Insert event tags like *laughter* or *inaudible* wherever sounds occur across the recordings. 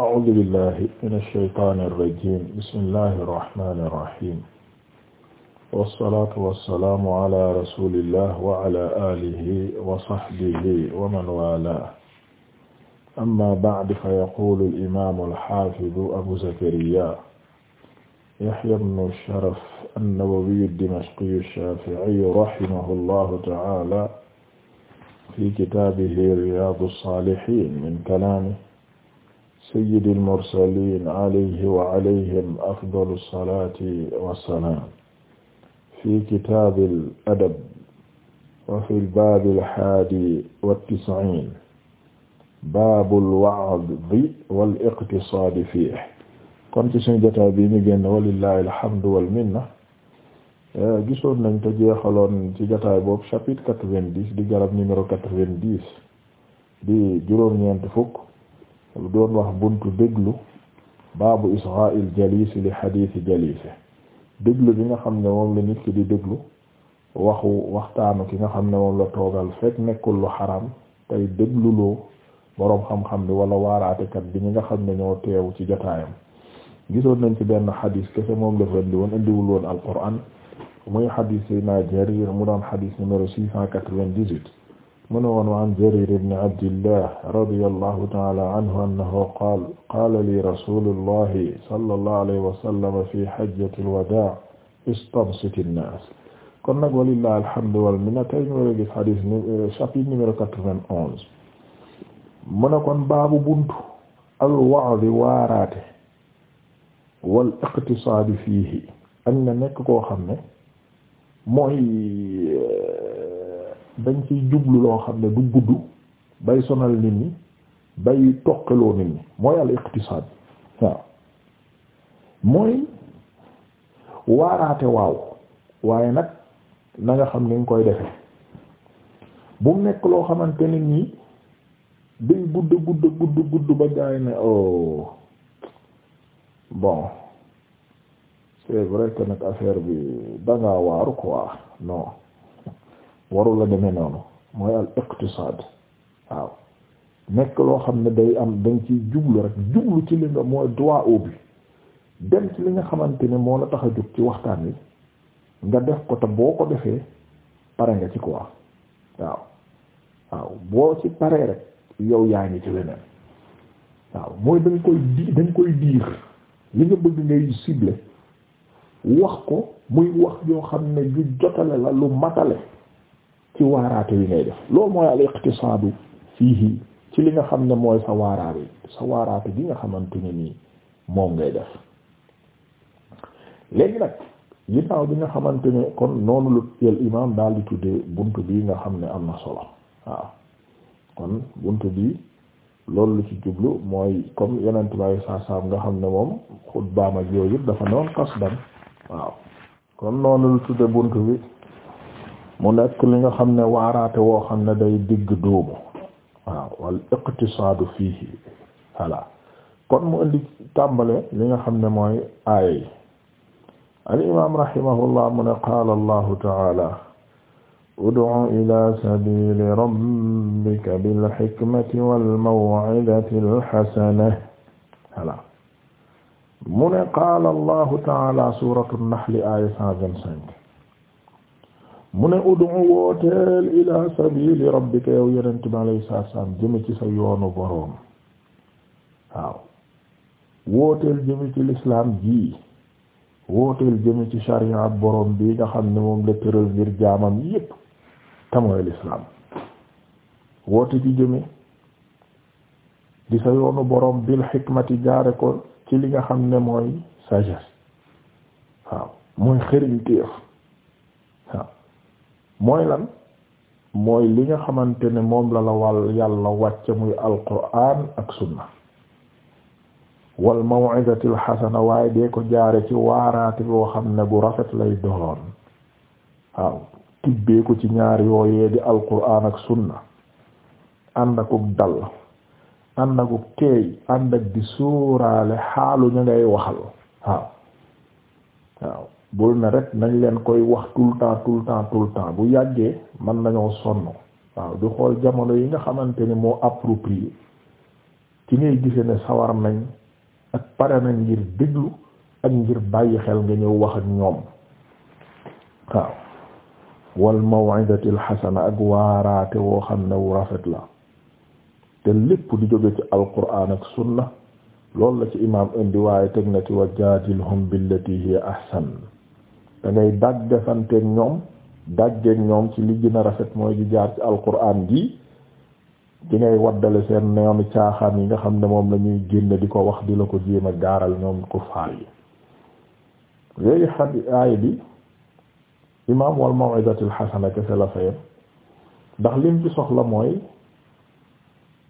a'uuzu billahi mina shaytaani rajiim bismillahi rahmaani rahiim wassalaatu wassalaamu ala rasuulillah wa ala aalihi wa sahbihi wa man waalaahu amma ba'du fa yaquulu al-imaamu al-haafidu abu zakariyaa yahyaa ibnu sharaf an-nawawiyyu ad-dimashqiyyu ash-shaafi'iyyu rahimahu llaahu ta'aalaa fi kitaabihi riyaadu s-saalihiin min kalaamihi sayyidil mursaliin alayhi wa alayhim afdalu salaati wa salaam fi kitaabil adab wa fil baabil haadi wa tis'iin baabul wa'di wal iqtisaadi fiihi kon ci suñu jotaay bi ñu génn walillahi alhamdu wal minna gisoon nañ te jeexaloon ci jotaay boobu chapitre quatre-vingt-dix di garab numéro quatre-vingt-dix di juróom-ñeent fukk. doon wax buntu déglu baabu israil jalisi li xadiisi jalisi déglu bi nga xam ne moom la nit ki di déglu waxu waxtaanu ki nga xam ne moom la toogal fekk nekkul lu xaram tey dégluloo boroom xam-xam bi wala waaraatekat bi ñi nga xam ne ñoo teew ci jotaayam gisoon nañ ci benn xadis kese moom la indi woon indiwul woon alquran muy xadis Seydina Jarir mu doon xadis numéro six cent quatre-vingt-dix-huit mu ne woon waan Jarir ibn Abdillah radiyallahu ta'ala anhu annahu qaala qaala li rasuulullahi sallallahu alayhi wa sallam fi hajjatil wadaa' istamsit an-naas kon nag walillahi alhamdu wal minna tey ñu ngi gis hadith chapitre numéro quatre-vingt-onze mu ne kon baabu buntu al-wa'd waaraate wal iqtisaad fiihi am na nekk koo xam ne mooy dañ ciy jublu loo xam ne du gudd bay sonal nit ñi bay toqaloo nit ñi mooy al mooy waaraate waaw waaye nag na nga xam ni nga koy defee bu nekk loo xamante nit ñi day gudd gudd gudd gudd ba gaay ne oh bon c'est vrai que nag affaire bi dangaa waaru quoi non warul la demee noonu mooy al iqtisaad waaw nekk loo xam ne day am dañ ci jublu rek jublu ci li nga mooy droit au but dem ci li nga xamante ne moo la tax a jóg ci waxtaan wi nga def ko te boo ko defee pare nga ci quoi waaw waaw boo ci paree rek yow yaa ngi ci leneen waaw mooy dañ koy di dañ koy diir li nga bëgg ngay ciblé wax ko muy wax yoo xam ne ju jotale la lu matale ci waaraate wi ngay def loolu mooy al iqtisaadu fiihi ci li nga xam ne mooy sa waaraate sa waaraate bi nga xamante ne nii moom ngay def léegi nag ginnaaw bi nga xamante ne kon noonu la al daal di tuddee bunt bi nga xam ne am na solo waaw kon bunt bi loolu lu ci jublu mooy comme yeneen tubaab saa saam nga xam ne moom xutbaam ak yooyu yëpp dafa noon qasdan waaw kon noonu lu tudde bunt bi. mu nekk li nga xam ne waaraate woo xam ne day digg dóomu waaw wal iqtisaadu fiihi voilà kon mu indi tàmbale li nga xam ne mooy aaya yi al imam rahimahullah mu ne qaala allahu taala ud'u ila sabili rabbika bil hikmati wal maw'izati al hasanah voilà mu ne qaala allahu taala suratu an-nahl aaya cent vingt-cinq mu ne udu wooteel ila sabili rabbika yow yonent bi alayhi salaam jëme ci sa yoonu boroom waaw wooteel jëme ci lislaam ji wooteel jëme ci sharia boroom bi nga xam ne moom la tëral ngir jaamam yépp te mooy lislaam woote ci jëme di sa yoonu boroom bil xikmati jaare ko ci li nga xam ne mooy sagesse waaw mooy xëriñ téef mooy lan mooy li nga xamante ne moom la la wàll yàlla wàcce muy alquraan ak sunna wal maw'izatil xasana waaye dee ko jaare ci waaraate boo xam ne bu rafet lay doon waaw tibbee ko ci ñaar yooyee di alquraan ak sunna ànd akub dal ànd akub teey ànd ak di suuraale xaalu ñu ngay waxal waaw waaw bul na rek nañ leen koy wax tout le temps tout temps bu yàggee man nañoo sonn waaw du xool jamono yi nga xamante ne moo approprié ci ngay gise ne sawar nañ ak pare nañ ngir déglu ak ngir bàyyi xel nga ñëw wax ak ñoom waaw wal maw'idatil xasana ak waaraate woo xam ne wu rafet la te lépp di jóge ci alquran ak sunna loolu la ci imaam indi waaye teg na ci wa jaadilhum billati hiya ahsan dangay ngay daggasanteeg ñoom daggeeg ñoom ci li gën a rafet mooy di jaar ci alquran gi di ngay waddale seen noonu caaxaan yi nga xam ne moom la ñuy génn di ko wax di la ko jéem a gaaral ñoom ko faar yi léegi xadi aay bi imaam wal maw'izatil xasana kese la fayam ndax lim ci soxla mooy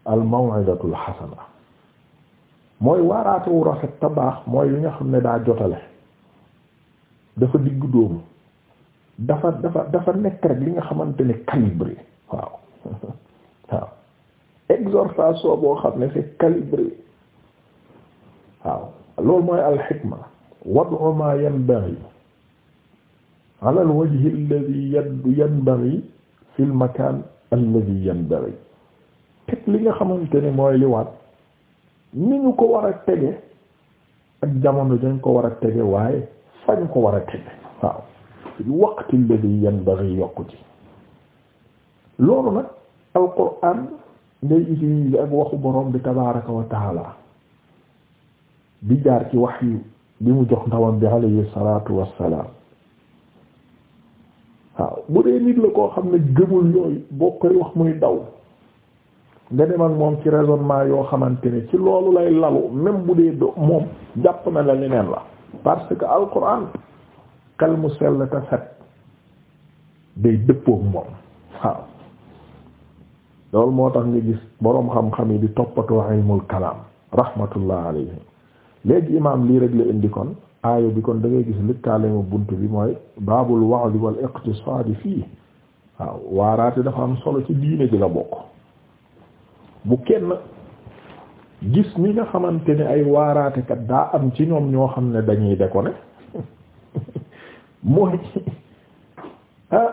al maw'izatul xasana mooy waaraate wu rafet te mooy li nga xam ne daa jotale dafa digg dóomu dafa dafa dafa nekk rek li nga xamante ne calibré waaw *laughs* waaw exhortation boo xam ne c'est calibré waaw loolu mooy alxikma wad'u ma yanbaghi ala alwajhi alladhi yanbaghi fi almakan alladhi yanbaghi teg li nga xamante ni mooy li waat ni ñu ko war a tege ak jamono dañ ko war a tege waaye fañ ko war a tëdd waaw fi waqti alladhi yanbaghi yokku ci loolu nag alquran ngay utiliser ak waxu borom bi tabaraka wa taala bi jaar ci wahyu bi mu jox ndawam bi alayhi salatu wassalaam waaw bu dee nit la koo xam ne gëmul yooyu boo koy wax muy daw nga dem moom ci raisonnement yoo xamante ne ci loolu lay lalu même bu dee moom jàpp na la leneen la parce que alquran kal mu sell te set day dëppook moom waaw loolu moo tax nga gis boroom xam-xam yi di toppatoo ilmul kalaam rahmatullah alayhi léegi imaam lii rek la indi kon aayo bi kon da ngay gis lëkkaaleema bunt bi mooy baabul wa'd wal iqtisaad fii waaw waaraate dafa am solo ci diine ji la bokk bu kenn gis ñi nga xamante ni ay waaraatekat daa am ci ñoom ñoo xam ne dañuy de ko ne mooy *laughs* ah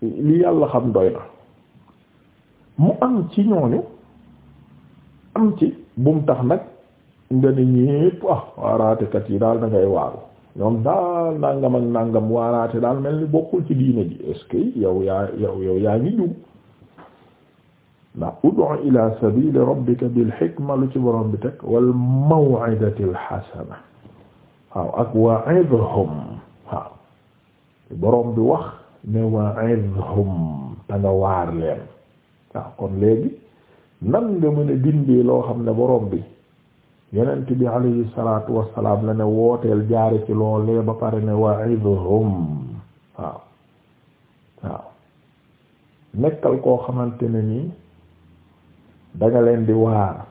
li yàlla xam doy na mu am ci ñooñu am ci bum tax nag nga ne ñépp ah waaraatekat yi daal da ngay waaru ñoom daal nangam ak nangam waaraate daal mel ni bokkul ci diine ji est-ce yow yaa yow yaa ngi jub ndax ud'u ila sabili rabbika bil hikma lu ci borom bi teg wal maw'idatil hasana waaw ak waaw borom bi wax ne wa'idhum da nga waar leen waaw kon léegi nan nga mën a dindi loo xam ne borom bi yonent bi alayhi salaatu wassalaam la ne wooteel jaare ci loolee ba pare ne waaw waaw nekkal koo xamante ne nii danga leen di waar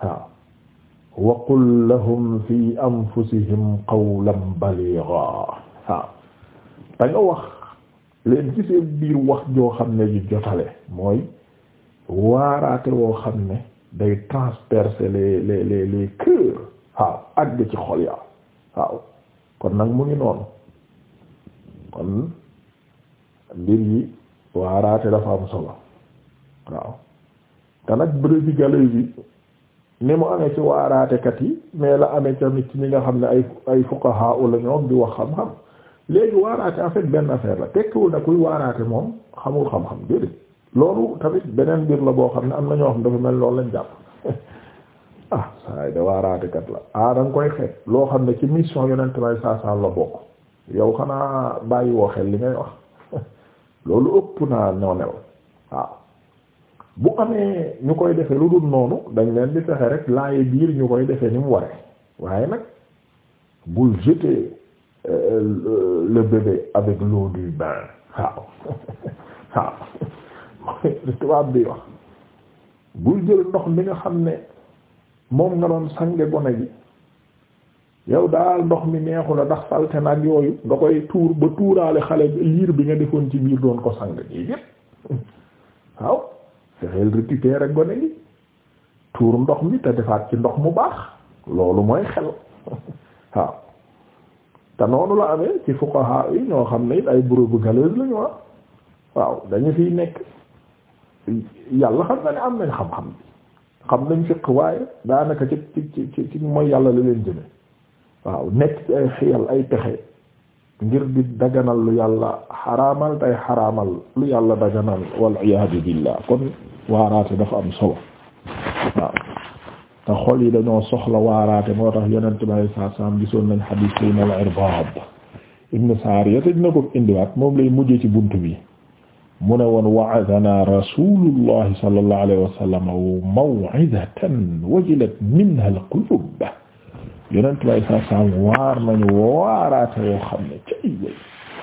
waaw wa qul lahum fi anfusihim qawlan baligha waaw danga wax leen ci seen biir wax joo xam ne ju jotale mooy waaraate woo xam ne day transpercer les les les les waaw àgg ci xol ya waaw kon nag mu ngi noonu kon mbir yi waaraate dafa am solo waaw te nag brebis galeuse bi ni mu amee ci waaraatekat yi mais la amee tamit ci ñi nga xam ne ay ay fuqaha la ñoom di wax xam-xam léegi waaraate en fait benn affaire la tekkiwul na kuy waaraate moom xamul xam-xam déedéet loolu tamit beneen mbir la boo xam ne am na ñoo xam dafa mel loolu lañ jàpp *laughs* ah saa de waaraatekat la ah da koy xeet loo xam ne ci mission yonent may saa la bokk yow xanaa bàyyi woo xel li ngay wax *laughs* loolu ëpp naa ñoo nel waaw bu amee ñu koy defee lu dul noonu dañ leen di fexe rek laaye biir ñu koy defe ni mu waree waaye nag bul jeter euh, le bébé avec l'eau du bain waaw *laughs* waaw bi wax bul jël ndox mi nga xam ne moom nga doon sange gone gi yow daal ndox mi neexu la ndax salte nag yooyu nga koy tuur ba tuuraale xale liir bi nga defoon ci biir doon ko sang yépp *laughs* waaw fexeel récupérer gone gi tuur ndox mi te defaat ci ndox mu baax loolu mooy xel *laughs* waaw te noonu la amee ci fuqaha yi ñoo xam ne it ay borobu galeuse la ñu ah waaw dañu fiy nekk yàlla xam na ne am nañ xam-xam bi xam nañ fiq waaye daanaka ci ci ci ci mooy yàlla la leen jëme waaw nekk ci ay xiyal ay pexe ngir di daganal lu yàlla xaraamal tay xaraamal lu yàlla daganal wal iyaadu billah waaraate dafa am solo waaw te xol yi dañoo soxla waaraate moo tax yonent bi alayhi salaatu salaam gisoon nañ xadiis Sayyidina al-Irbaad ibn Saariya te dina ko moom lay mujjee ci bunt bi mu ne woon wa'adanaa rasuulullahi sallallahu alayhi wa sallam maw'izatan waaraate yoo xam ne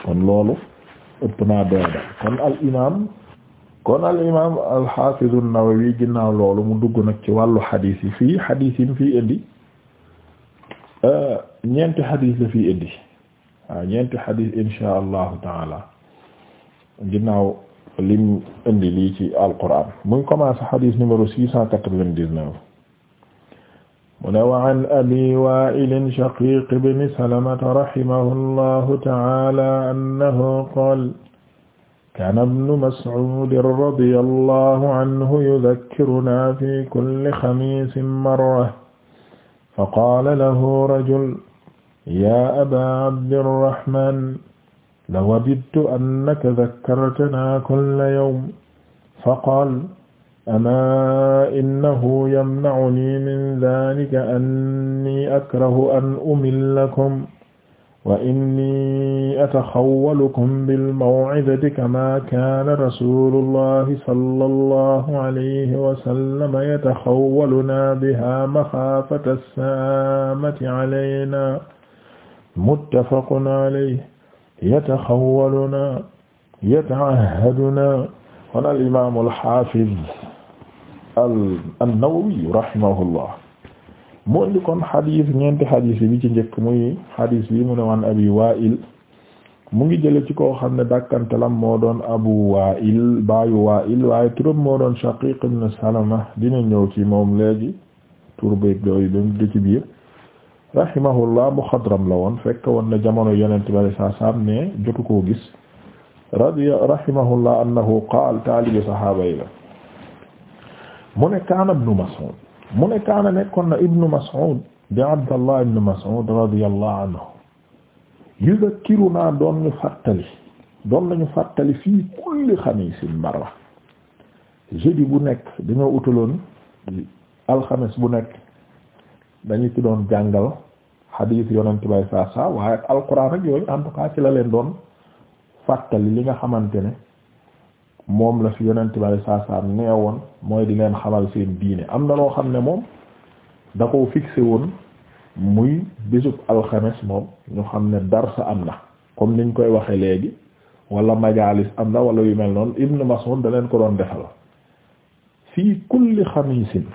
kon loolu ëpp naa doy kon al imaam kon al imaam al xaafiz an-Nawawi ginnaaw loolu mu dugg nag ci wàllu xadiis yi fii xadiis yi mu fii indi euh, ñeenti xadiis la taala ginnaaw lim indi lii ci alquraan mu ngi a xadiis numéro six cent quatre vingt dix mu ne abi waa'il shaqiq ibn salamata rahimahu allahu taala annahu qaala kaana ibnu mas'uudin radiyallahu anhu yudakkirunaa fi kulli xamiisin marra faqaala lahu rajul yaa abaa abdirrahmaan lawadittu annaka dakkartanaa kulla yawm faqaal amaa innahu yamna'unii min daalika annii akrahu an umillakum wa inni ataxawwalukum bil maw'izati kamaa kaana rasuulullahi sallallahu alayhi wa sallam yataxawwalunaa bihaa maxaafata saamati alaynaa muttafaqun alayhi yataxawwalunaa yata'ahhadunaa qaala al-imaam al-haafiz an-Nawawi rahimahullah mu indi kon xadis ñeenti xadis bi ci njëkk muy xadis bi mu ne waan abi Wa'il mu ngi jële ci ko xam ne dakkantalam moo doon abu Wa'il baayu Wa'il waaye turam moo doon Shaqiq ibn Salama dina ñëw ci moom léegi tur beeg yooyu ba mu ci biir rahimahullah la woon fekk woon na jamono yonent bari saa saam ne jotu koo gis radiya rahimahullah annahu qaal taalibi yi la mu ne kaana ibnu Mas'ud mu ne kaana nekkoon na ibnu Mas'ud di Abdallah ibnu Mas'ud radiyallahu anhu yuzakkiruna doon ñu fàttali doon nañu fàttali fii kulli xamiisin marra jeudi bu nekk dañoo utaloon alxames bu nekk dañu ci doon jàngal xadiis yonent bay saa saa waaye alquran ak yooyu en ci la leen doon fàttali li nga xamante ne moom la fi yonente bari saasaam nee woon mooy di leen xamal seen diine am na loo xam ne moom da koo fixé woon muy bésub alxames moom ñu xam ne darsa am na comme niñ koy waxe léegi wala majalis am na wala yu mel noon Ibn Mas'ud da leen ko doon defal fii kulli xamiisin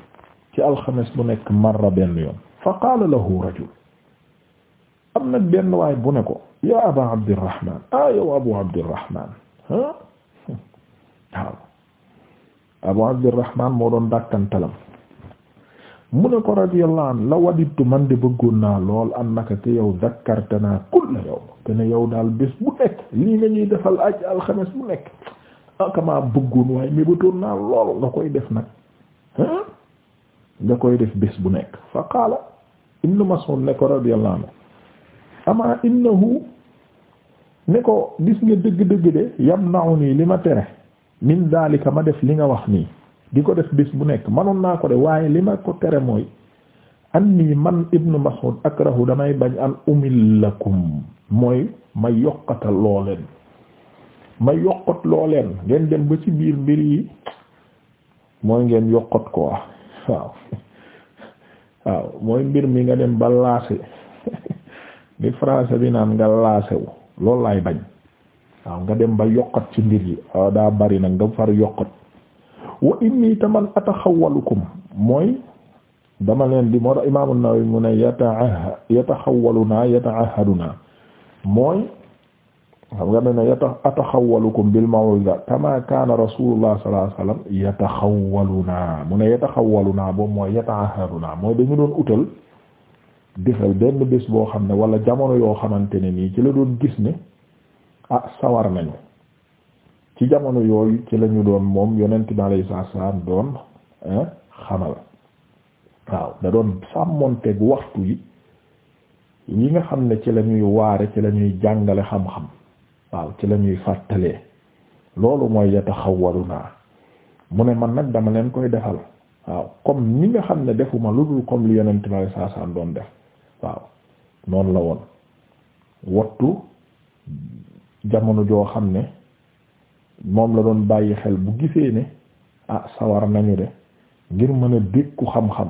ci alxames bu nekk marra benn yoon fa qaala lahu rajul am nag benn waay bu ne ko ya aba abdirrahman ah yow abu abdirrahman ah waaw abu abdurrahman moo doon dàkkantalam mu ne ko radiyallahu an la wadittu man de bëggoon naa lool an naka te yow dakkartanaa kulla yawm te ne yow daal bés bu nekk lii nga ñuy defal aj alxames bu nekk akamaa ah, bëggoon waaye mébatoon naa lool nga koy def nag nga koy def bés bu nekk fa qaala ibnu mas'ud ne ko radiyallahu anhu amaa innahu ne ko gis nga dëgg-dëgg de yamna'uni li ma tere min daalika ma def li nga wax nii di ko def bis bu nekk manoon naa ko de waaye li ma ko tere mooy anni man ibnu Mas'ud akrahu damay bañ an umillakum mooy ma yokkatal loo leen ma yokkat loo leen ngeen dem ba ci biir mbir yi mooy ngeen yokkat ko waaw waaw mooy mbir mi nga dem ba laase li *laughs* français bi naan nga laasewu loolu laay bañ waaw nga dem ba yokkat ci mbir yi ah, daa bari nag nga far yokkat wa inni taman ataxawalukum mooy dama leen di moo tax imaam an-Nawawi mu ne yata yataxawalunaa yataahadunaa mooy xam nga ne ne yata ataxawalukum bil maw'iza kama kaana rasulullah sallallahu alayhi yataxawalunaa mu ne yataxawalunaa boobu mooy yataahadunaa mooy dañu doon utal defal benn bés boo xam ne wala jamono yoo xamante ne nii ci la doon gis ne ah sawar nañu ci jamono yooyu ci lañu doon moom yonent bi alayhi salaam doon eh, xamal waaw da doon sàmmoonteeg waxtu yi yi nga xam ne ci lañuy waare ci lañuy jàngale xam-xam waaw ci lañuy fàttalee loolu mooy yataxawalu naa mu ne man nag dama leen koy defal waaw comme ni nga xam ne defuma lu dul comme li yonent bi alayhi salaam doon def waaw noonu la woon wattu jamono joo xam ne moom la doon bàyyi xel bu gisee ne ah sawar nañu de ngir mën a dékku xam-xam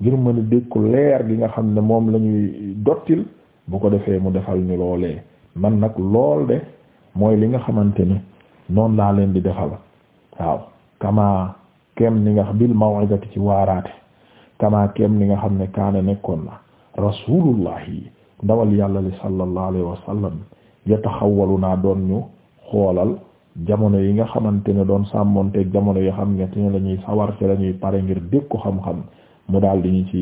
ngir mën a dékku leer gi nga xam ne moom la ñuy dottil bu ko defee mu defal ñu loolee man nag lool de mooy li nga xamante ni noonu laa leen di defal waaw kama kem ni nga bil maw'izati ci waaraate kama kem ni nga xam ne kaana nekkoon na rasulullahi ndawal yàlla li sallallahu alayhi wa sallam yataxawalu naa doon ñu xoolal jamono yi nga xamante ne doon sàmmonteeg jamono yi xam nga te ne ñuy sawar ci la pare ngir dégg ko xam-xam mu daal di ñu ci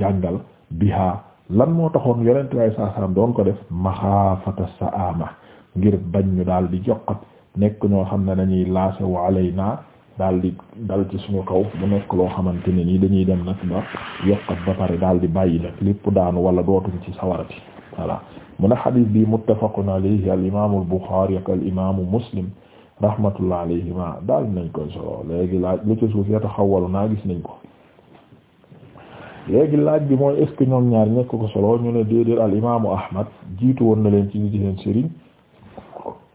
jàngal biha lan moo taxoon yonent waay saasaam doon ko def maxaafata sa ama ngir bañ ñu daal di joqat nekk ñoo xam ne dañuy laase yi alayna daal di dal ci suñu kaw bu nekk loo xamante ne nii dañuy dem nag ba yokkat ba pare daal di bàyyi nag lépp daanu wala dootuñ ci sawarati voilà mu ne xadis bi muttafaqun alayhi al imaamu al Buxaari ak al imaamu Muslim rahmatullah alayhima daal nañ koy solo léegi laaj lu ci suuf yataxawalu naa gis nañ ko léegi laaj bi mooy est ce que ñoom ñaar ñekk ko solo ñu ne déedéet al imaamu jiitu woon leen ci ñi ci seen sëriñ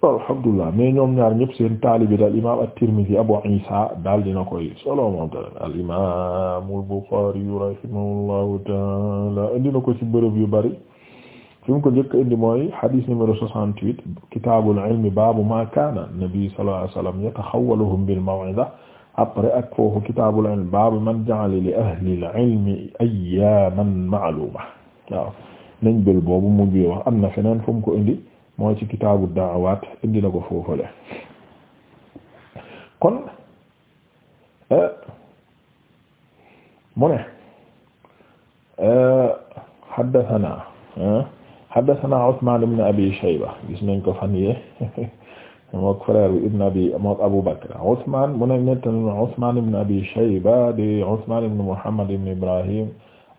alhamdulillah mais ñoom ñaar ñëpp seen taalibi daal imaam at-Tirmidhi Abu Isa daal dina koy solo moom tamit al imaam al ci bërëb yu bari fi mu ko njëkk indi mooy hadith numéro 68 kitaabul ilmi baabu ma kaana nabi sallallahu alayhi wa sallam yataxawwaluhum bil maw'ida après ak foofu kitaabul ilmi baabu man ja'ala li ahlil ilmi ayyaaman ma'luuma waaw nañ bël boobu mujjee wax am na feneen fu mu ko indi mooy ci kitaabu da'awaat indi na ko foofule kon euh, mu ne euh, haddasanaa haddasanaa Usmaan ibn Abi Shayba gis nañ ko fan yee *laughs* mook frère bi ibn Abi mook Abu Bakr Usmaan mu ne nettan Usmaan ibn Abi Shayba di Usmaan ibn Muhammad ibn Ibrahim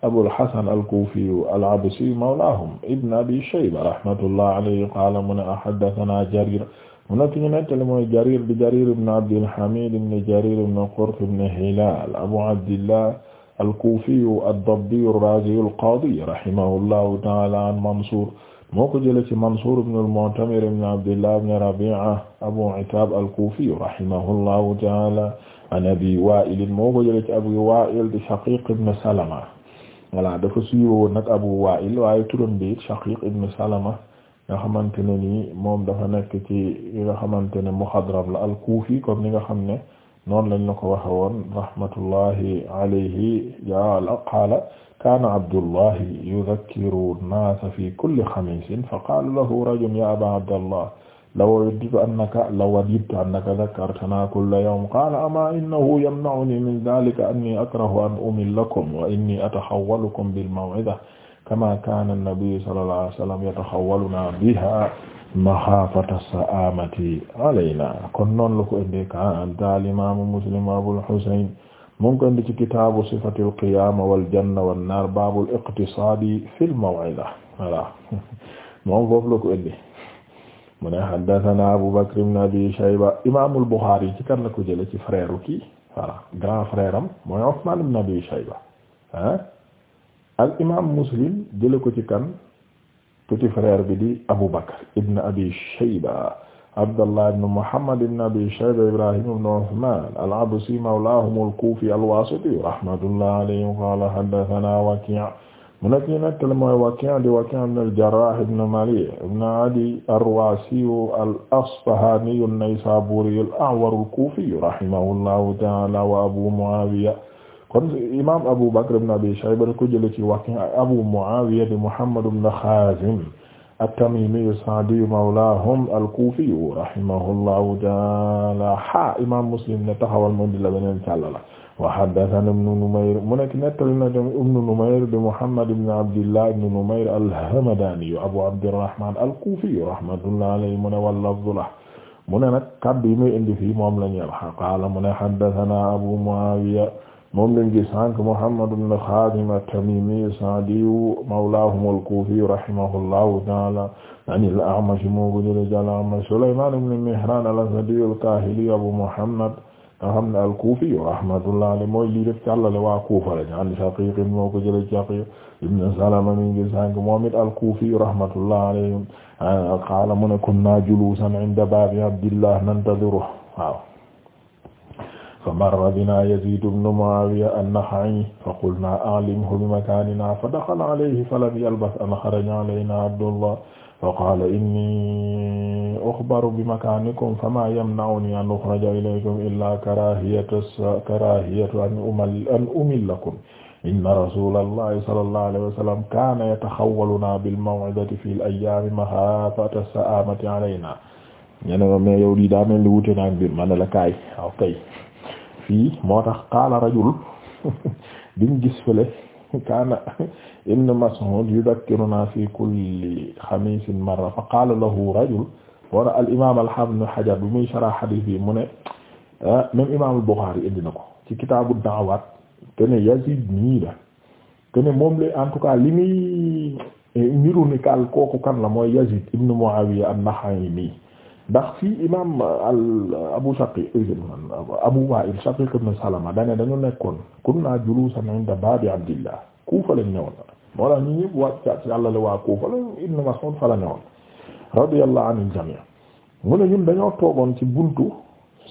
Abul Hasan al-Kufi al-Absi mawlaahum ibn Abi Shayba rahmatullah alayhi qaala mu ne haddasanaa Jarir mu ne ki ñu nettali mooy Jarir bi Jarir ibn Abdil Hamid ibn Jarir ibn Qurt ibn Hilal Abu Abdillah al-Kuufiyu ad-Dabbiyu ar-Raaziyu al-Qaadiyu rahimahullahu ta'aala an Mansuur moo ko jëlee ci Mansuur ibn al-Mu'tamir ibn Abdillah ibn Rabi'a Abu Itaab al-Kuufiyu rahimahullahu ta'aala an Abi Waa'il moo ko jëlee ci Abi Waa'il di Shaqiiq ibn Salama voilà dafa siiwoon nag Abu Waa'il waaye turam bi Shaqiiq ibn Salama nga xamante ne nii moom dafa nekk ci nga xamante ne muxadram la al-Kuufi comme ni nga xam ne. noonu lañ la ko waxe woon rahmatullahi alayhi jala qaala kaana abdullahi yudakkiru nnaasa fi kulli xamiisin fa qaala lahu rajulun ya aba abdallah law waddidtu annaka law waddidtu annaka dakkartana kulla yawm qaala ama innahu yamna'uni min dhalika anni akrahu an umillakum wa inni atahawwalukum bil maw'ida kama kaana an-nabiyyu sallallahu alayhi wa sallam yatahawwaluna biha maxaafata saamati alayna kon noonu la ko indi kaanta al imaamu muslim abul husayn mu ngi ko indi ci kitaabu sifatil qiyaama wal janna wan naar baabul iqtisaadi fil maw'ida voilà *laughs* moom foofu la ko indi mu ne haddathana abu bakr ibn abi shayba imaamul buxaari ci kan la ko jëlee ci frère kii voilà grand frère am mooy usmaan ibn abi shayba ah al imaam muslim jëlee ko ci kan. petit frère bi di Abu Bakr ibn Abi Shayba Abdallah ibn Muhammad ibn Abi Shayba Ibrahim ibn Uthman al-Absi mawlahum al-Kufi al-Wasiti rahmatullah alayhi qala haddathana Waki' mu nekk ñu nettali mooy Waki' di Waki' ibn al-Jarrah ibn Mali' ibn Adi ar-Rasi al-Asfahani an-Naysaburi al-A'war al-Kufi rahimahullahu ta'ala wa Abu Muawiya kon imaam Abu Bakr ibn Abi Shayba da ko jëlee ci Waki' Abu Muawiya di Muhammad ibn Khazim at-Tamimi as-Sa'di mawlahum al-Kufi rahimahullahu ta'ala ha imaam Muslim ne taxawal moom di la beneen sàlla la wa haddathana ibn Numayr mu nekk nettali na dem ibn Numayr di Muhammad ibn Abdillah ibn Numayr al-Hamadani Abu Abdirrahman al-Kufi rahmatullahi alayhi mu ne wal-lafzu lahu mu ne nag kaddu yi muy indi fii moom la ñu qaala mu ne haddathana Abu Muawiya moom lañ gi sànq Muhammad ibn Xaadim at-Tamiimi as-Sa'diyu mawlaahum al-Kuufi rahimahullahu ta'aala an al-A'mash moo ko jëlee jàll A'mash Sulaymaan ibn Mihraan al-Asadi al-Kaahili Abu Muhammad nga xam ne al-Kuufi rahmatullahi alayhi mooy lii def càllale waa Kuufa lañ an Shaqiiq moo ko jëlee Shaqiiq ibn Salama mi ngi sànq moom it al-Kuufi rahmatullahi alayhi qaala mu ne kunnaa juluusan 'inda baabi Abdillah nantadhiruhu waaw fa marra binaa Yaziid ibnu Mu'aawiya an-Naxa'i fa qulnaa a'limhu bi makaanina fa daxala alayhi falam yalbas an xaraja alaynaa Abdullah fa qaala innii uxbaru bi makaanikum famaa yamna'unii an uxraja ilaykum illaa karaahiyatu karaahiyatu an umillakum inna rasuulallaahi sallallaahu alayhi wa sallam kaana yataxawwalunaa bil-maw'izati fil ayyaami maxaafata as-sa'aamati alaynaa. ñu ne ma mais yow lii daa mel ni wuute naa mbir ma ne la kaay waaw kay. fii moo tax qaala rajul *laughs* biñ gis fële kaana ibn Mas'ud yudakkiruna fi kulli xamiisin marra fa qaala lahu rajul moo al imaam al haafiz ibn bi muy sarah xadiis bi mu ne ah, même imaam al Buxaari indi na ko ci kitaabu da'awaat te ne nii la te moom la en tout cas li muy niru eh, ni kaal kooku kan la mooy Yazid ibn Muawiya an-Naxa'i nii ndax fii imaam al abu shaqiq eh, abu wa'il shaqiq ibn salama dane dañu nekkoon kunna julusan inda abdillah kuufa lañ ñëwoon moo la ñu ñëpp wàcc yàlla la waa kuufa la ibn mas'ud fa la ñëwoon radiyallahu anil jami' mu ne ñun dañoo toogoon ci buntu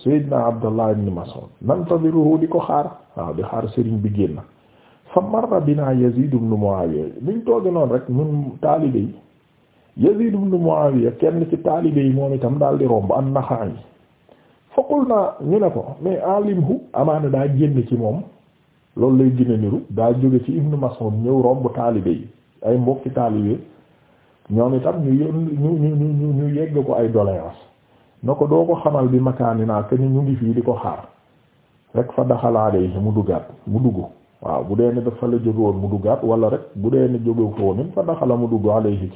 sayyidina abdullah ibn mas'ud nantadiruhu di ko xaar waaw di xaar sëriñ bi génn fa marra bina yazid ibn muawiya biñ tooge noonu rek ñun taalibe Yazid ibn Muawiya kenn ci taalibe yi moom itam daal di romb an-Naxa'i fa qulna ñu ne ko mais alimhu amaana daa génn ci moom loolu lay gën a niru daa jóge ci Ibn Mas'ud ñëw romb taalibe yi ay mbokki taalibe ñoom itam ñu ñu ñu ñu yegg ko ay doléance na ko doo ko xamal bi makaani naa que ni ñu ngi fii di ko xaar rek fa daxalaale yi mu duggaat mu dugg waaw bu dee ne dafa la jóge woon mu duggaat wala rek bu dee ne jóge ko woon fa daxala mu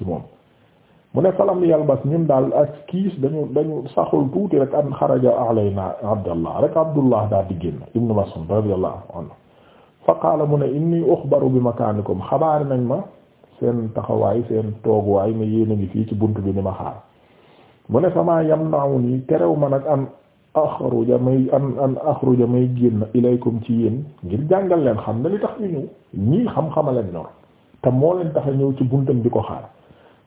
moom. mu ne falam yalbas ñun daal ak kiis dañu dañu saxul tuuti rek an xaraja alayna abdallah rek abdullah daal di génn ibnu Mas'ud radiyallahu anhu fa qaala mu ne inni uxbaru bi makaanikum xabaar nañ ma seen taxawaay seen tooguwaay ne yéen ngi fii ci bunt bi ni ma xaar mu ne famaa yamna'uni terew ma nag an axruja may an an axruja may génn ilaykum ci yéen ngir jàngal leen xam ne li tax ñu ñëw ñii xam-xamaleen ñor te moo leen tax ñëw ci buntam di ko xaar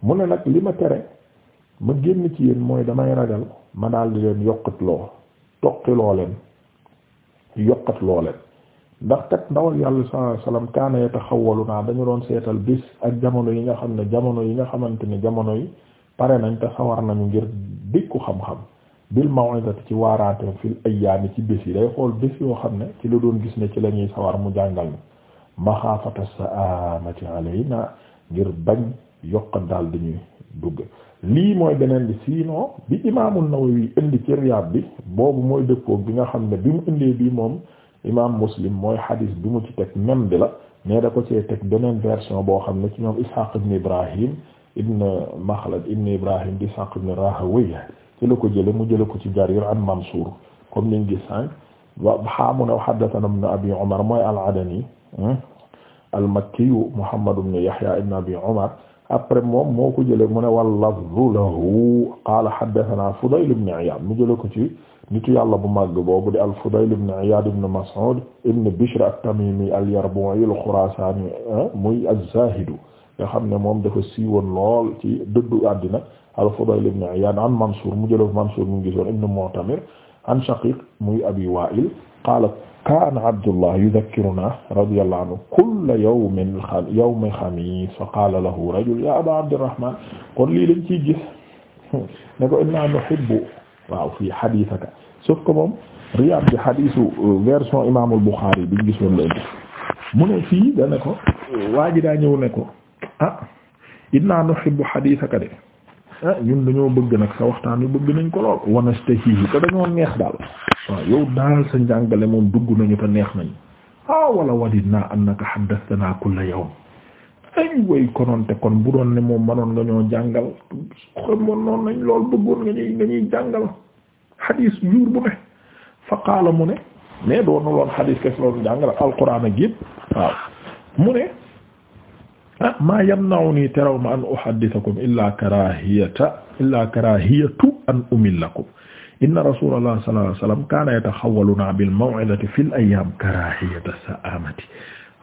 mu ne nag li ma tere ma génn ci yéen mooy damay ragal ma daal di leen yokkatloo toqiloo leen yokkatloo leen ndax kat ndawal yàlla sa alayhi wasallam kaana yataxawalu naa dañu doon seetal bis ak jamono yi nga xam ne jamono yi nga xamante ne jamono yi pare nañ te sawar nañu ngir dikku xam-xam bil maw'izati ci waaraateem fil ayyaami ci bés yi day xool bés yoo xam ne ci lu doon gis ne ci la ñuy sawar mu jàngal ni maxaafata sa'amati alayna ngir bañ yokkat daal dañuy dugg lii mooy beneen bi sinon bi imaamu Nawawi indi ci Riyaad bi boobu mooy dëkkoog bi nga xam ne bi mu indee bi moom imaam Muslim mooy hadis bi mu ci teg même bi la mais da ko cee teg beneen version boo xam ne ci ñoom Ishaq ibn Ibrahim ibn Makhlad ibn Ibrahim di Ishaq ibn Rahawayh ci la ko jële mu jële ko ci Jarir an Mansuur comme niñ gis sànq wa xaamu ne haddathana ibn Abi Umar mooy al-Adani hmm? al-Makki Muhammad ibn Yahya ibn Abi Umar après moom moo ko jële mu ne wal lafzu lahu qaala haddathana Fudayl ibn Iyad mu jële ko ci nitu yàlla bu màgg boobu di al-Fudayl ibn Iyad ibn Mas'ud ibn Bishr at-Tamimi al-Yarbu'i al-Khurasani muy az-Zahid nga xam ne moom dafa siiwoon lool ci dëddu àddina al-Fudayl ibn Iyad an Mansur mu jële Mansur mu ngi gisoon ibn Mu'tamir an Shaqiq muy Abi Wa'il qaala kaana Abdullah yuzakkiruna radiyallahu anhu kulla yawmin yawmi xamiis fa qaala lahu rajul ya aba Abdirrahman kon lii lañ ciy gis ne ko inna nuhibbu waaw fii hadiisaka sauf que moom Riyaad bi hadiisu euh, version imaamul Buxaari biñ gisoon la indi mu ne fii da ne ko waa ji daa ñëw ne ko ah inna nuhibbu hadiisaka de ah ñun dañoo bëgg nag sa waxtaan yu bëgg nañ ko lool wanastahihi te dañoo neex daal waaw yow daal sa njàngale moom dugg nañu te neex nañu ah wala wadidna annaka haddathana kulla yawm ay way kononte kon bu doon ne moom manoon nga ñoo jàngal xamoon noonu nañ lool bëggoon nga nga ñuy jàngal xadiis jour bu ne fa qaala mu ne mais doon na loon xadiis kese loolu jàngal alquran ak yëpp waaw mu ne Ah, maa yamna'uni teraw ma an uhaddithakum illa karahiyata illa karahiyatu an umillakum inna rasulullah sallallahu alayhi wasallam kana yatakhawwaluna bil maw'izati fil ayyam karahiyata sa'amati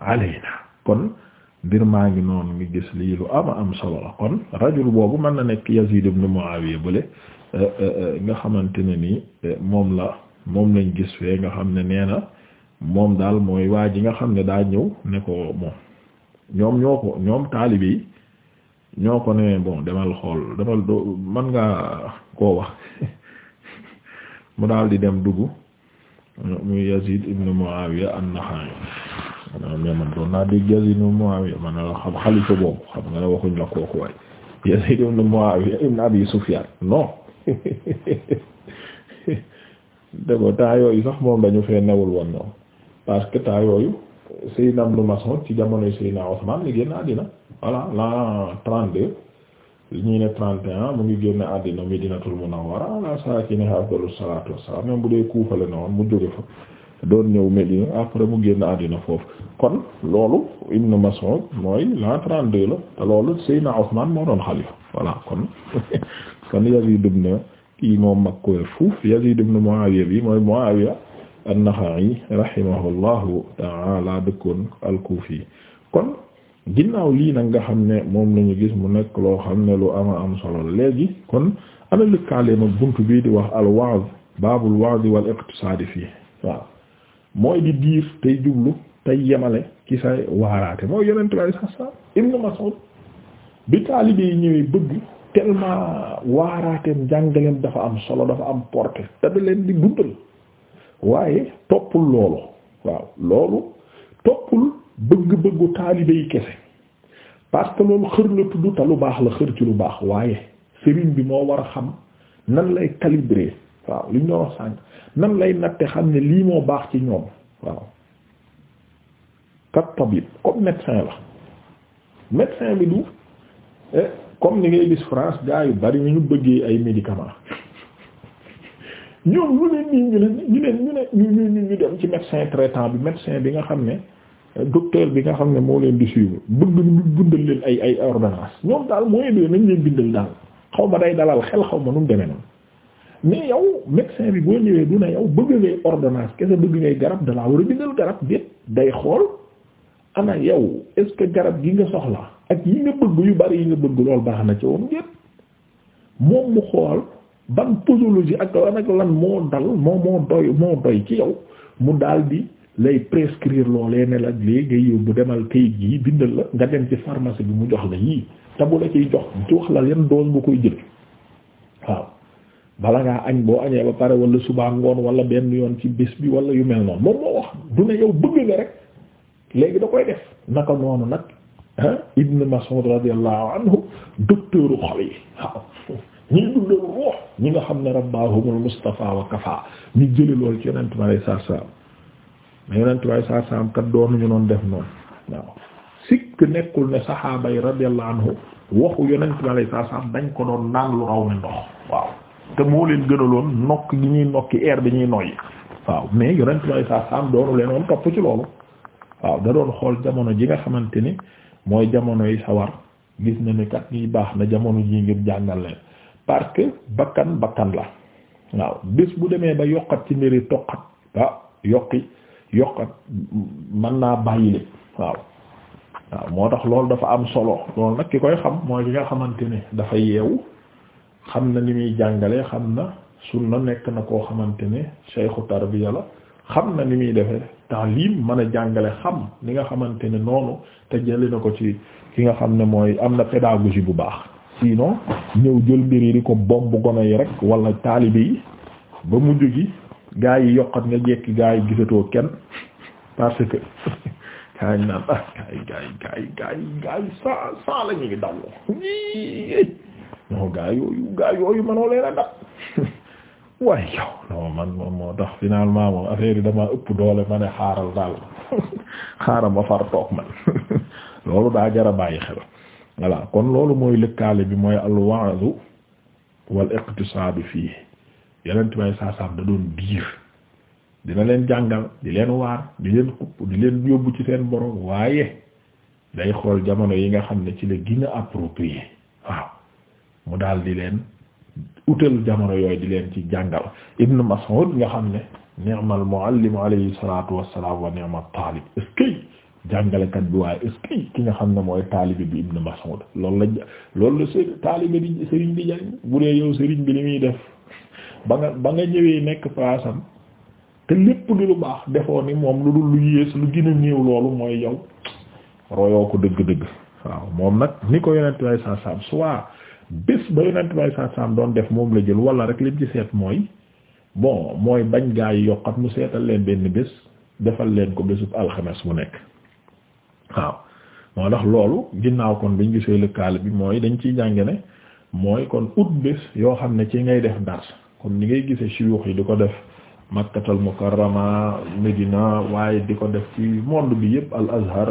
alayna kon mbir maa ngi noonu ngi gis lii lu ama am solo la kon rajul boobu mën na nekk Yazid ibn Muawiya bële eh, eh, eh, nga xamante ne ni moom la moom lañ gis fee nga xam ne nee na moom daal mooy waa ji nga xam ne daa ñëw ne ko moom ñoom ñoo ko ñoom taalibe ñoo ko ne bon demal xool demal man ngaa koo wax *laughs* mu daal di dem dugg muy Yazid ibn Muawiya an-Nakha'i maanaam mais man doon naa dégg xam xalifa nga ne waxuñ la kooku waay *laughs* Yazid ibn Muawiya *laughs* dégg nga yooyu sax moom dañu fee newul woon ñoom parce que temps yooyu. Seydina Ibn Mas'ud ci jamonoy Seydina Usman li génn àddina la l'an 32 ñii ne 31 mu ngi génn àddina Medinatul Munawwara ala saakinihaa afdalu salaatu wassalaam même bu dee Kuufa la ne mu jóge fa doon ñëw Medina après mu génn àddina foofu kon loolu na Mas'ud mooy l'an 32 la te loolu Seydina Usman moo doon xalifa voilà kon *laughs* kon Yazid ibn kii moom mag ko fuuf Yazid ibn Muawiya bi mooy Muawiya an-Naxa'i rahimahullahu ta'ala dëkkoon al-Kufi kon ginnaaw lii nag nga xam ne moom lañu gis mu nekk loo xam ne lu am am solo léegi kon ana lëkkaale mag bunt bii di wax al-wa'd baabul wa'd wal iqtisaad fii waaw mooy di diir tey jublu tey yemale ci say waaraate mooy yonent bay sax sax bi taalibe yi ñëwee bëgg tellement waaraateem jàngaleem dafa am solo dafa am portée te da leen di dundal waaye toppul loolu waaw loolu toppul bëgg-bëggu taalibe yi kese parce que loolu xër la tudd te lu baax la xër ci lu baax waaye sëriñ bi moo war a xam nan lay calibrer waaw li ñu doon wax sànq nan lay natte xam ne lii moo baax ci ñoom waaw kat tabib comme médecin la médecin bi du eh, comme ni ngay gis France gaa yu bari ñu bëggee ay médicaments ñoom ñu leen nii ñu leen ñu leen ñu ne ñu ñu dem ci médecin traitant bi médecin bi nga xam ne euh, docteur bi nga xam ne moo leen di suivre bëgg ñu bindal leen ay ay ordonnance ñoom daal mooy dee nañ leen bindal daal xaw ma day dalal xel xaw ma nu mu demee noonu mais yow médecin bi boo ñëwee du na yow bëgg ngay ordonnance kese bëgg ngay garab dalaa war a bindal garab déet day xool ana yow est ce que garab gi nga soxla ak yi nga bëgg yu bari yi nga bëgg lool baax na ci woon déet moom mu xool. ban posologie ak ak lan moo dal moo doy moo doy ci yow mu daal di lay prescrire loolee ne la léegi yow bu demal kayit gi bindal la nga dem ci pharmacie bi mu jox la yii te bu jox jox la yan dose bu koy jël waaw bala ngaa añ boo añee ba pare wala subaa ngoon wala benn yoon ci bés bi wala yu mel noonu moom moo wax du ne yow bëgg nga rek léegi da koy def naka noonu nag ah Ibn Mas'ud radiyallahu anhu docteuru xol yi waaw ñuy dundal ruux ñi nga xam ne rabbahumul mustafa wa kafa ñu jëli lool ci yonent bi alayhi salaatu salaam mais yonent bi def noonu waaw sikk nekkul ne saxaaba yi radiyallahu anhu waxu yonent bi alayhi dañ ko doon naan lu raw ne ndox waaw te moo leen gënaloon nokk gi ñuy nokki air bi ñuy noyyi waaw mais yonent bi alayhi salaatu salaam doonu leen topp ci loolu waaw da doon xool jamono ji nga xamante ni mooy jamono yi sawar gis na ni kat yi baax na jamono ji ngir jàngal parce que bakkan bakkan la waaw bés bu demee ba yokkat ci mbiri toqat ah yokki yokkat man naa bàyyile waaw waaw moo tax loolu dafa am solo loolu nag ki koy xam mooy ki nga xamante ne dafa yeewu xam na li muy jàngale xam na sunna nekk na koo xamante ne sayxu tarbiya la xam na ni muy defee taalim mën a jàngale li nga xamante ne noonu te jëli na ko ci ki nga xam ne mooy am na pédagogie bu baax sinon ñëw jël mbir yi di ko bomb gone yi rek wala taalibe yi ba mujj gi gaa yi yokkat nga jekki gaa yi gisatoo kenn parce que *laughs* gaa yi naan ah, gaa yi gaa yi gaa yi saa saa la ñu *laughs* a dab *laughs* waaye yow non man moom moo tax finalement moom affaire yi dama ëpp doole ma ne xaaral daal xaaral ma far toog man loolu daa jara bàyyi xel voilà kon loolu mooy lëkkaale bi mooy al wa'zu wal iqtisaab fii yeneen may saa da doon biir dina leen jàngal di leen waar di leen xupp di leen yóbbu ci seen borom waaye day xool jamono yi nga xam ne ci la gën a approprié waaw mu daal di leen utal jamono yooyu di leen ci jàngal Ibn Mas'ud nga xam ne ni'mal muallim alayhi salatu wassalam wa ni'mat talib est-ce jàngalekat bi waaye est ki nga xam ne mooy taalibe bi Ibn Mas'ud loolu la loolu la së taalibe bi sëriñ bi jàng bu dee yow sëriñ bi li muy def ba nga ba nga ñëwee nekk paasam te lépp di lu baax defoo ni moom lu dul lu yées lu gën néew loolu mooy yow royoo ko dëgg-dëgg waaw moom nag ni ko yonent bay sasam soit bés ba yonent bay doon def moom la jël wala rek lim ci seet mooy bon mooy bañ gaa yi yokkat mu seetal leen benn bés defal leen ko bésub alxames waaw moo tax loolu ginnaaw kon biñ gisee lëkkaale bi mooy dañ ciy jànge mooy kon ut bés yoo xam ne ci ngay def dars comme ni ngay gisee suyuux yi di ko def makkatal mukarrama medina waaye di ko def ci monde bi yëpp al azhar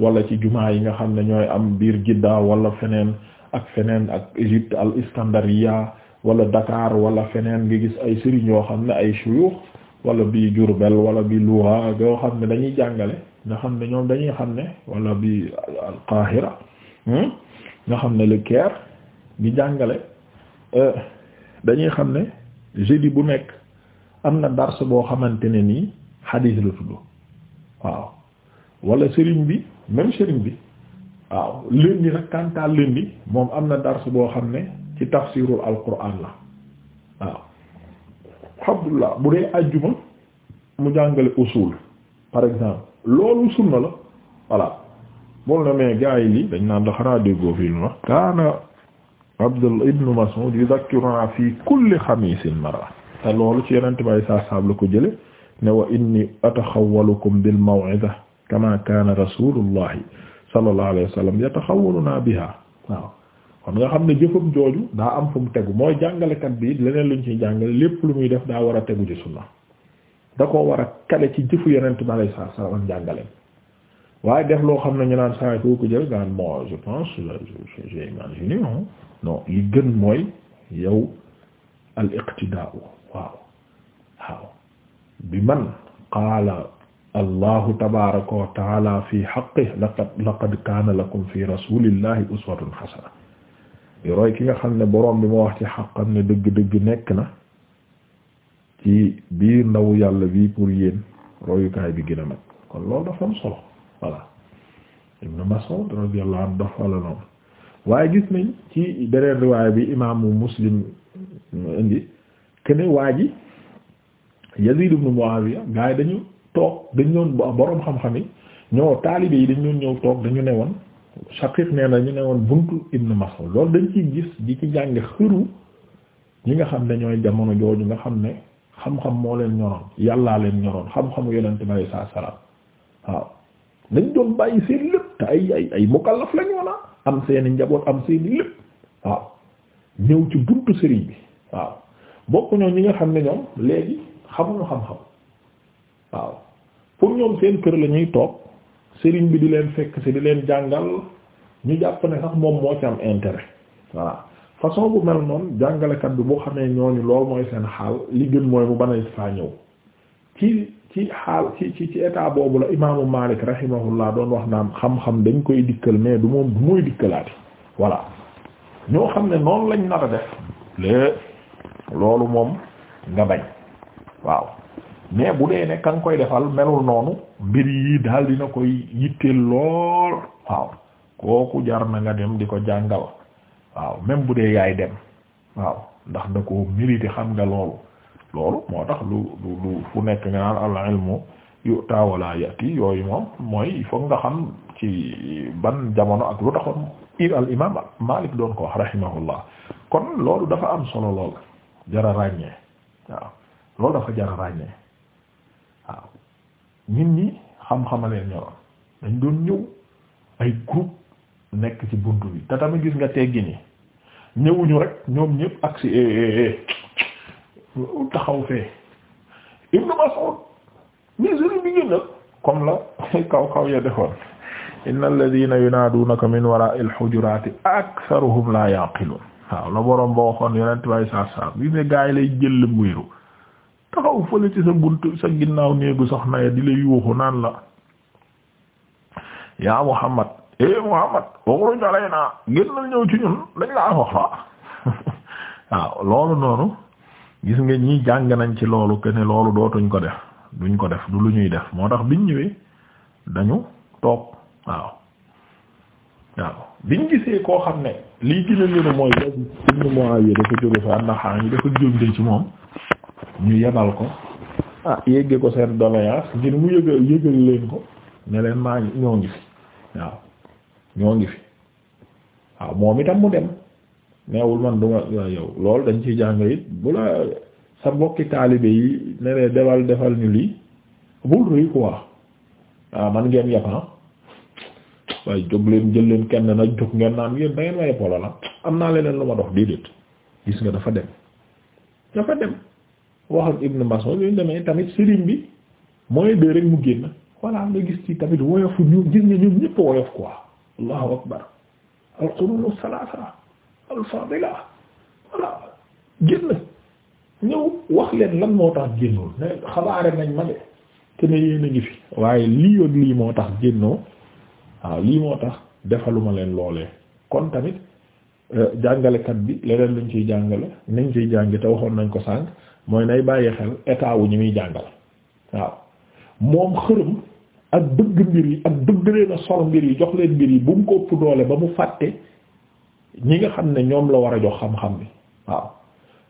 wala ci jumaa yi nga xam ne ñooy am biir jidda wala feneen ak feneen ak Égypte al iskandariya wala Dakar wala feneen nga gis ay sëriñ yoo xam ne ay suyuux wala bi Jurbel wala bi Louga yoo xam ne dañuy jàngale nga xam ne ñoom dañuy xam ne wala bi al Qahira hmm, nga xam ne le Caire di jàngale euh, dañuy xam ne jeudi bu nekk am na dars boo xamante ne nii xadiis la tudd waaw wala sëriñ bi même sëriñ bi waaw lundi nag kantaa lundi moom am na dars boo xam ne ci tafsirul alquran la waaw alhamdulillah bu dee àjjuma mu jàngale usul par exemple loolu sunna la voilà bol na mais gars yi li dañ naa da xanaa déggoo fi lu ma kaana Abdul ibnu Mas'ud yuzakkiruna fi kulli xamiisin marra te loolu ci yenente may saa saab la ko jële ne wa inni ataxawalukum bil maw'ida kama kaana rasulullahi sallallahu alayhi wa sallam yataxawaluna biha waaw kon nga xam ne jëfam jooju daa am fu mu tegu mooy jàngalekat bi leneen luñ ciy jàngale lépp lu muy def daa war a tegu ci sunna da koo war a kale ci jëfu yonent bi alayhi salaatu wa salaam jàngaleem waaye def loo xam ne ñu naan saa foo ko jël nga mo je pense j'ai imaginé non non li gën mooy yow al iqtidaa waaw waaw bi man qaala allahu tabaaraka wa taala fi haqqihi laqad laqad kaana lakum fi rasulillahi uswatun hasana roy ki nga xam ne boroom bi moo wax ci xaqam ne dëgg-dëgg nekk na ci biir ndaw yàlla bi pour yéen royukaay bi gën a mag kon loolu dafa am solo voilà Ibn Mas'ud radiyallahu anhu dafa la waaye gis nañ ci beneen riwaay bi imaamu Muslim indi kene waa ji mu ibn Muawiya gaa yi dañu toog dañu doon boroom xam-xam yi ñoo taalibe yi dañu doon ñëw toog dañu ne woon Shaqiq nee na ñu ne woon buntu Ibn Mas'ud lool dañ ciy gis di ci jàng xëru ñi nga xam ne ñooy jamono jooju nga xam ne xam-xam moo leen ñoroon yàllaa leen ñoroon xam-xamu yonente bi alei salaatu waaw dañ doon bàyyi seen lépp te ay ay ay mukallaf la ah. am seeni njaboot am seeni lépp waaw ñëw ci buntu sëriñ bi waaw bokk ñoom ñi nga xam ne ñoom léegi xamuñu xam-xam waaw pour ñoom seen kër la ñuy toog sëriñ bi di leen fekk si di leen jàngal ñu jàpp ne sax moom moo ci am intérêt waaw façon bu mel noonu jàngalekat bi boo xamee ñooñu lool mooy seen xaal li gën mooy mu banait faa ñëw ci ci xaal ci ci ci état boobu la imaamu Malik rahimahullah doon wax naan xam-xam dañ koy dikkal mais du moom du mooy dikkalaati voilà ñoo xam ne noonu lañ nar a def lée loolu moom nga bañ waaw mais bu dee ne ka nga koy defal melul noonu mbir yi daal dina koy yitteel lool waaw kooku jar na nga dem di ko jàngal waaw même bu dee yaay dem waaw ndax da ko mérité xam nga loolu loolu moo tax lu lu lu fu nekk nga naan al yooyu moom mooy foog nga xam ci ban jamono ak lu taxoon al imam doon ko wax rahimahullah kon loolu dafa am solo lool jara ràññee waaw loolu dafa jara ràññee waaw nit ñi xam-xamaleen ñoroon dañ doon ñëw ay groupe nekk ci buntu bi te tamit gis nga teggi ni ñëwuñu rek ñoom ñëpp ak eh, eh, eh, taxaw fee Ibn Mas'ud mais sëriñ bi génnal comme la *laughs* kaw kaw ya defoon inna alladhina yunaaduunaka min wara'il hujurati naan la yaa Muhammad eh Muhammad waxuruñ alay naa génnal ñëw ci ñun dañ laa soxla *laughs* waaw loolu noonu gis nga ñi jàng nañ ci loolu que loolu dootuñ ko def duñ ko def du lu ñuy def moo tax biñ ñëwee dañu toog waaw waaw biñ gisee koo xam ne lii gën a niru mooy Yazid ibn yi dafa jóge moom ñu ko ah yégge ko seen doléance ngir mu yëgal yëgal leen ko ne maa ñoo ngi fi waaw ñoo ngi fi waaw moom itam mu dem neewul man duma ma lool dañ ciy jàng it bu la sa mbokki taalibe yi ne ne defal defal ñu lii bul rëy quoi waaw man ngeen yapan ah. waaye jóg leen jël leen kenn na jóg ngeen naan yéen da ngeen ma yeppolo la am naa leneen lu ma dox déedéet gis nga dafa dem dafa dem waxal Ibn Mas'ud ñu demee tamit sëriñ bi moo de rek mu génn voilà nga gis ci tamit woyofu ñu gis nga ñoom ñëpp woyof quoi allahu akbar al qurunu salaasa al fadila génn ñëw wax leen lan moo tax génnul ne xabaare nañ ma de te yéen a ngi fi waaye lii yoon lii moo tax génnoo waaw lii moo tax defaluma leen loolee kon tamit euh, jàngalekat bi leneen luñ ciy jàngale nañ ciy jàngi te waxoon nañ ko sànq mooy nay bàyyi xel état wu ñu muy jàngale waaw moom xërëm ak bëgg mbir yi ak bëgg leen a sol mbir yi jox leen mbir yi bu mu ko ëpp doole ba mu fàtte ñi nga xam ne ñoom la war a jox xam-xam bi waaw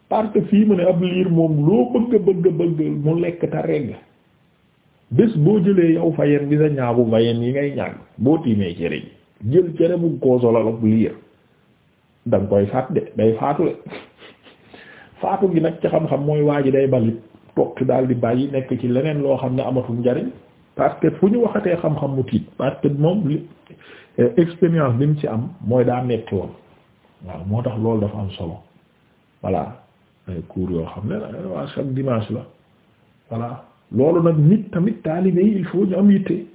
parce fii mu ne ab liir moom loo bëgg bëgg bëgg mu lekk ta regg bés boo jëlee yow fayen bi sa ñaabu fayen yi ngay ñàgg boo tiimee cere jël cere bu koo solal ak liir da nga koy faat de day faatu de *laughs* faatu gi nag ci xam-xam mooy waa ji day balit toog daal di bàyyi nekk ci leneen loo xam ne amatul njariñ parce que fu ñu waxatee xam-xam mu tiit parce moom li euh, expérience bi mu ci am mooy daa metti woon waaw moo tax loolu dafa am solo voilà ay cours yoo xam ne waa chaque dimanche la voilà loolu nag nit tamit taalibe yi il faut ñu am yitte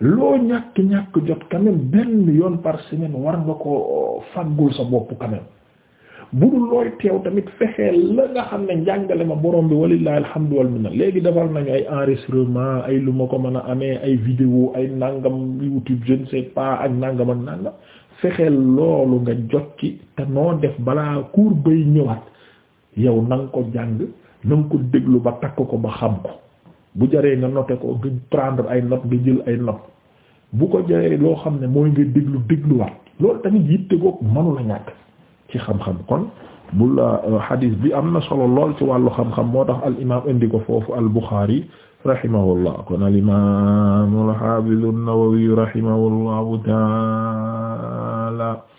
loo ñàkk ñàkk jot quand benn yoon par semaine war nga ko faggul sa bopp quand budul looy teew tamit fexeel la nga xam ne njàngale ma borom bi walillahi alhamdu wal minna léegi defal nañu ay enregistrement ay lu ma ko mën a amee ay vidéo ay nangam YouTube je ne sais pas ak nangam ak nangam fexeel loolu nga jot ci te noo def balaa kuur bay ñëwaat yow na ko jàng na ko déglu ba takk ko ba xam ko bu jaree nga noté ko nga prendre ay not nga jël ay note bu ko jaree loo xam ne mooy nga déglu dégluwaat loolu tamit yitte goog mënu ci xam-xam kon bul hadis euh, bi am na solo lool ci wàllu xam-xam moo tax al imaam indi ko foofu al Bukhari rahimahullah kon al imaam al haafiz an-Nawawi rahimahullahu taala